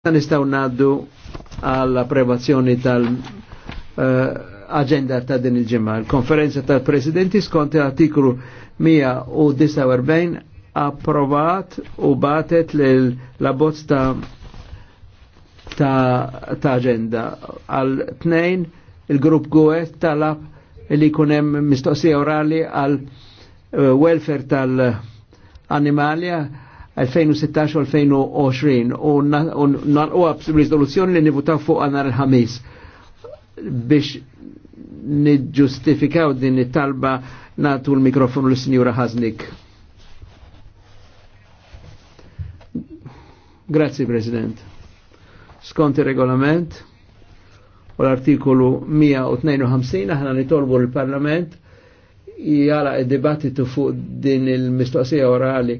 Dan istaw naddu għall approvazzjoni tal-agenda eh, uh, ta' din il-ġimma. Il-konferenza tal-presidenti skont artiklu 149 approvat u batet l-abbozz ta', ta, ta agenda. Għal tnejn il-grupp GUE talab li kunem mistoqsija orali għal eh, welfare tal-animalja 2016-2020 u narqoha b'riżoluzzjoni li nivuta fuq nhar il-ħamis biex niġġustifikaw din it-talba natu l-mikrofonu l-Sinjura Haznik. Grazie President. Skont il-regolament u l-artikolu 152 aħna nitolbu l-Parlament jala il dibattitu fuq din il-mistoqsija orali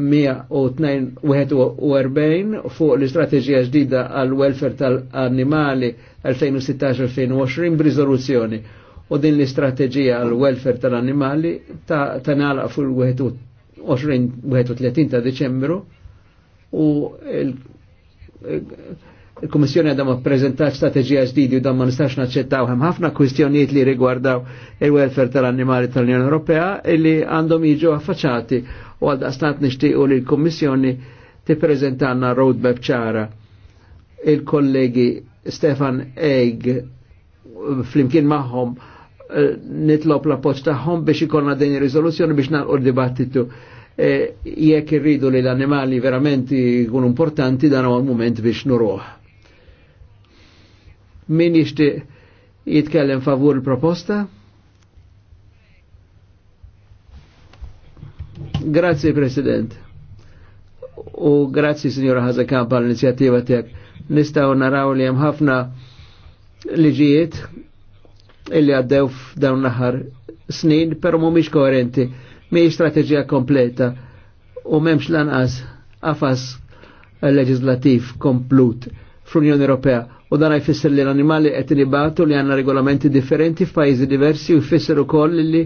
142 fuq l-istrateġija ġdida għal welfare tal-annimali 2016-2020 b'riżoluzzjoni. U din l-istrateġija għal welfare tal-annimali ta' tanalaq fuq l-21 ta' Deċembru u il kommissjoni għadha ma prezentat strateġija ġdidi u damma ma nistax naċċettaw hemm ħafna kwistjonijiet li rigwardaw il-welfare tal-annimali tal-Unjoni Ewropea illi għandhom jiġu affaċċati u għal daqstant nixtiequ li l kommissjoni tippreżentanna roadmap ċara. Il-kollegi Stefan Eig flimkien magħhom eh, nitlob l-appoġġ tagħhom biex ikollna din ir-riżoluzzjoni biex nagħlqu d-dibattitu eh, jekk irridu li l-annimali verament jkunu importanti dan huwa moment mument biex nuruħ. Min jixtieq jitkellem favur il-proposta? Grazzi President. U grazzi Signora Hazakampa l-inizjattiva tiegħek. Nistgħu naraw li hemm ħafna liġijiet illi għaddew f'dawn naħar snin, però mhumiex koerenti, mhijiex strateġija kompleta u m'hemmx lanqas qafas leġislativ komplut fl-Unjoni Ewropea u dan jfisser li l-animali qed nibatu li għandna regolamenti differenti f'pajjiżi diversi u jfisser ukoll li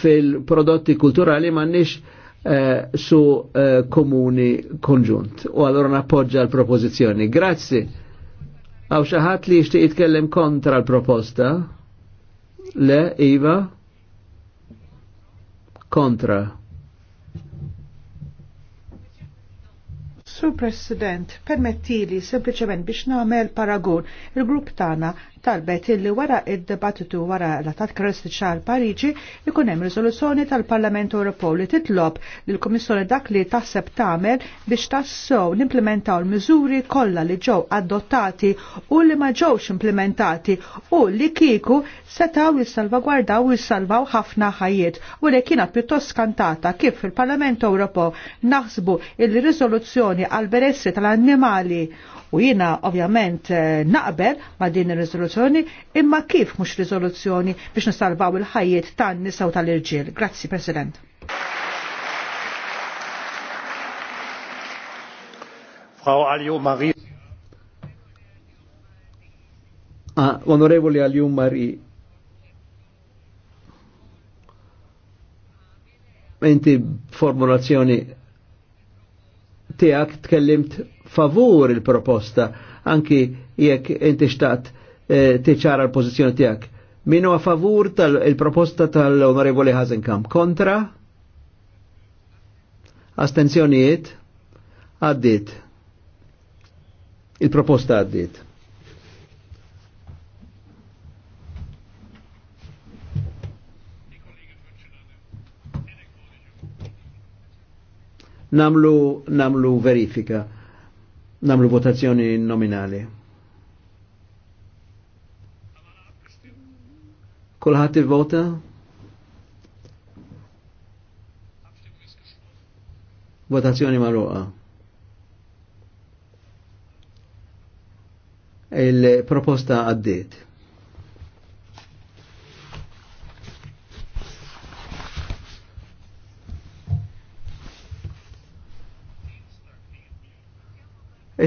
fil-prodotti kulturali m'għandniex eh, su eh, komuni konġunt. U allora nappoġġa l-propożizzjoni. Grazzi. Għaw xaħat li jishtiq jitkellem kontra l-proposta? Le, Iva? Kontra. Sur President, permettili sempliciment biex nagħmel paragun il-grupp tagħna talbet illi wara id debattitu wara la attat krestiċa ċar Pariġi ikun hemm riżoluzzjoni tal-Parlament Ewropew li titlob lil kummissjoni dak li taħseb tagħmel biex tassew nimplementaw l-miżuri kollha li ġew adottati u li ma ġewx implementati u li kieku setaw jissalvagwardaw u jissalvaw ħafna ħajjiet u li kienet pjuttost skantata kif fil-Parlament Ewropew naħsbu il-riżoluzzjoni għal beressi tal-annimali u jina ovvjament eh, naqbel ma din ir-riżoluzzjoni riżoluzzjoni imma kif mhux risoluzzjoni biex nistalbaw il ħajiet tan-nisa u tal-irġiel. Grazzi President. Frau Alio Marie. Ah, onorevoli Alio Marie. Enti formulazzjoni tiegħek tkellimt favur il-proposta anki jekk inti xtaqt Eh, tiċara l-pozizjoni tijak. Minu a favur tal-proposta tal-onorevoli Hazenkamp. Kontra? Astenzjonijiet? Għaddit. Il-proposta addit. Namlu, namlu verifika, namlu votazzjoni nominali. Kulħadd ivvota? Votazzjoni magħruqa. Il-proposta għaddiet.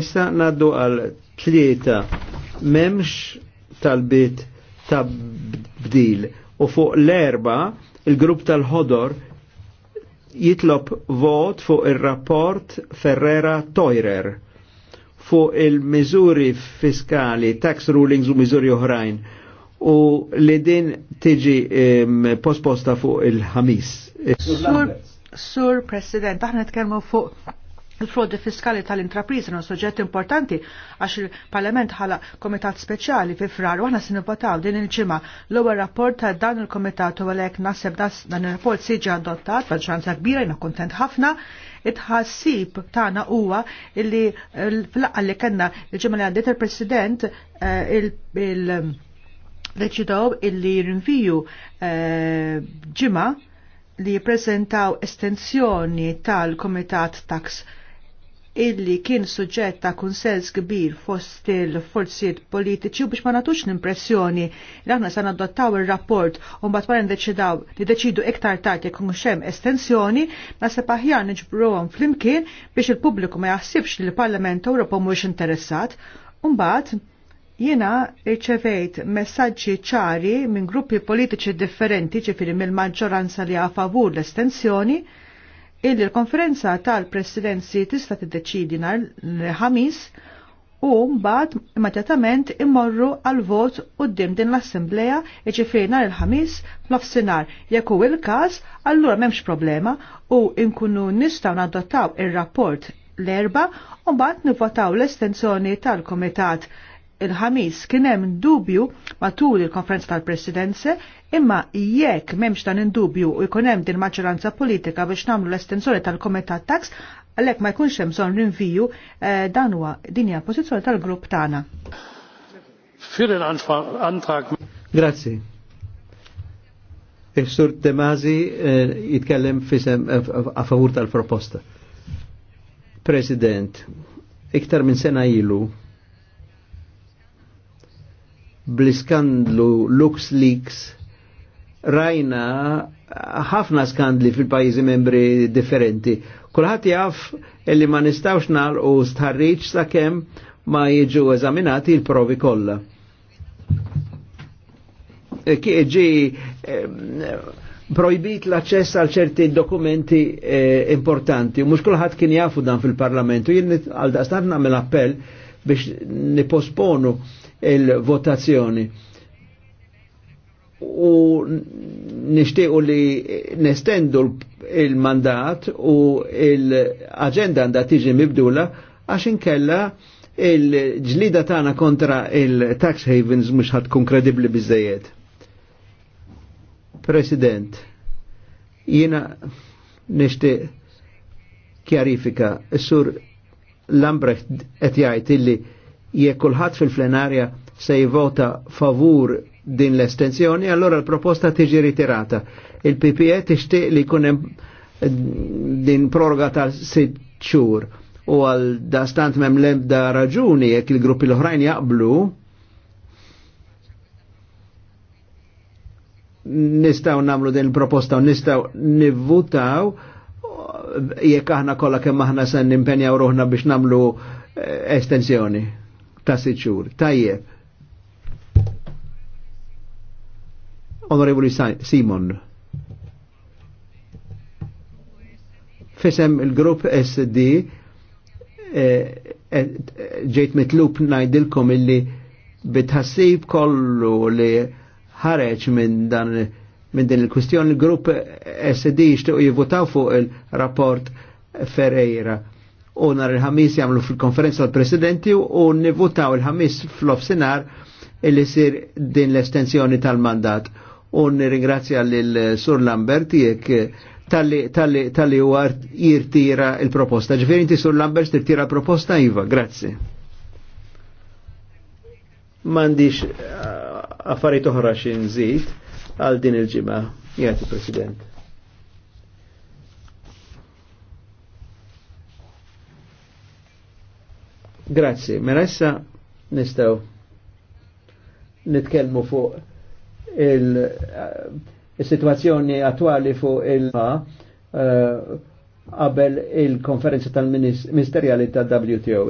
Issa naddu għal tlieta memx tal-bit ta' tibdil u fuq l-erba il-grupp tal-ħodor jitlob vot fuq il-rapport Ferrera Toirer fuq il mizuri fiskali, tax rulings u mizuri oħrajn u li din tiġi posposta fuq il-ħamis. Sur, sur President, aħna fuq Il-frodi fiskali tal-intrapriżi non soġġett importanti għax il-Parlament ħala komitat speċjali fi frar u aħna se nivvotaw din il-ġimgħa l-ewwel rapport ta' dan il-komitat u għalhekk naħseb dan ir-rapport siġi adottat maġġoranza kbira jiena kuntent ħafna it-ħassib tagħna huwa illi fl laqqa li kellna il ġimgħa li għaddiet il-President eh, il deċidaw illi rinviju eh, ġimgħa li jippreżentaw estensjoni tal-Komitat Tax illi kien suġġett ta' kunsens kbir fost il-forzijiet politiċi u biex ma natux l-impressjoni li aħna sa nadottaw il-rapport u mbagħad wara ndeċidaw li deċidu iktar tard jekk hemm estensjoni naħseb aħjar niġbruhom flimkien biex il-pubbliku ma jaħsibx li l-Parlament Ewropew mhuwiex interessat. Mbagħad jiena rċevejt messaġġi ċari minn gruppi politiċi differenti ġifieri mill-maġġoranza li għafavur favur l-estensjoni illi l-konferenza tal-presidenzi tista' tiddeċidi nhar ħamis u mbagħad immedjatament immorru għal vot quddiem din l-assembleja jiġifieri nhar il-ħamis f'nofsinhar. Jekk hu il-każ, allura m'hemmx problema u nkunu nistgħu nadottaw ir-rapport l-erba u mbagħad nivvotaw l-estensjoni tal-komitat il-ħamis kien hemm dubju matul il-konferenza tal-presidenze imma jekk m'hemmx dan indubju u jkun hemm din maġġoranza politika biex nagħmlu l estensore tal-Komitat Tax għalhekk ma jkunx hemm bżonn rinviju eh, dan huwa din hija pożizzjoni tal-grupp tagħna. Grazzi. Il-Sur Demazi jitkellem fisem eh, a favur tal-proposta. President, iktar minn sena ilu bl-iskandlu LuxLeaks rajna ħafna skandli fil-pajjiżi membri differenti. Kulħadd jaf illi ma nistawx nagħlqu sa' sakemm ma jiġu eżaminati l-provi kollha. E, Kieġi e, projbit l-aċċess għal ċerti dokumenti e, importanti, importanti. Mhux kulħadd kien jafu dan fil-Parlamentu. Jien għal daqstan nagħmel appell biex niposponu il-votazzjoni. U nishtiqu li nestendu il-mandat u l-agenda għanda tiġi mibdula għax inkella il-ġlida tagħna kontra il-tax havens mhux ħadd tkun kredibbli biżejjed. President, jiena nixtieq kjarifika, s-sur Lambrecht qed jgħid illi jekk kulħadd fil-plenarja se jivota favur din l-estensjoni, allora l-proposta tiġi ritirata. Il-PPE tixtieq li jkun hemm eh, din proroga ta' sitt xhur u għal da stant mem lebda raġuni jekk il-gruppi l-oħrajn jaqblu nistaw namlu din il-proposta u nistaw nivvutaw jekk aħna kollha kemm aħna se nimpenjaw ruħna biex namlu eh, estensjoni ta' siċur. Tajjeb. Onorevoli Simon. Fisem il-grupp SD eh, eh, ġejt mitlub najdilkom illi bitħassib kollu li ħareċ minn dan minn din il-kwistjoni il-grupp SD jishtiqu jivvotaw fuq il-rapport Ferreira u nar il-ħamis jagħmlu fil-konferenza tal-presidenti u nivutaw il-ħamis fl-ofsinar illi sir din l-estensjoni tal-mandat. U nirringrazzja l sur Lambert jek tal-li huwa jirtira il-proposta. Ġifieri inti Sur Lambert tirtira proposta iva, grazzi. M'għandix uh, affarijiet oħra xi Zid għal din il-ġimgħa. Jagħti President. Grazzi, mela issa nistaw nitkelmu fuq il-situazzjoni eh, attuali fuq il-fa eh, qabel il-konferenza tal-ministerjali tal-WTO.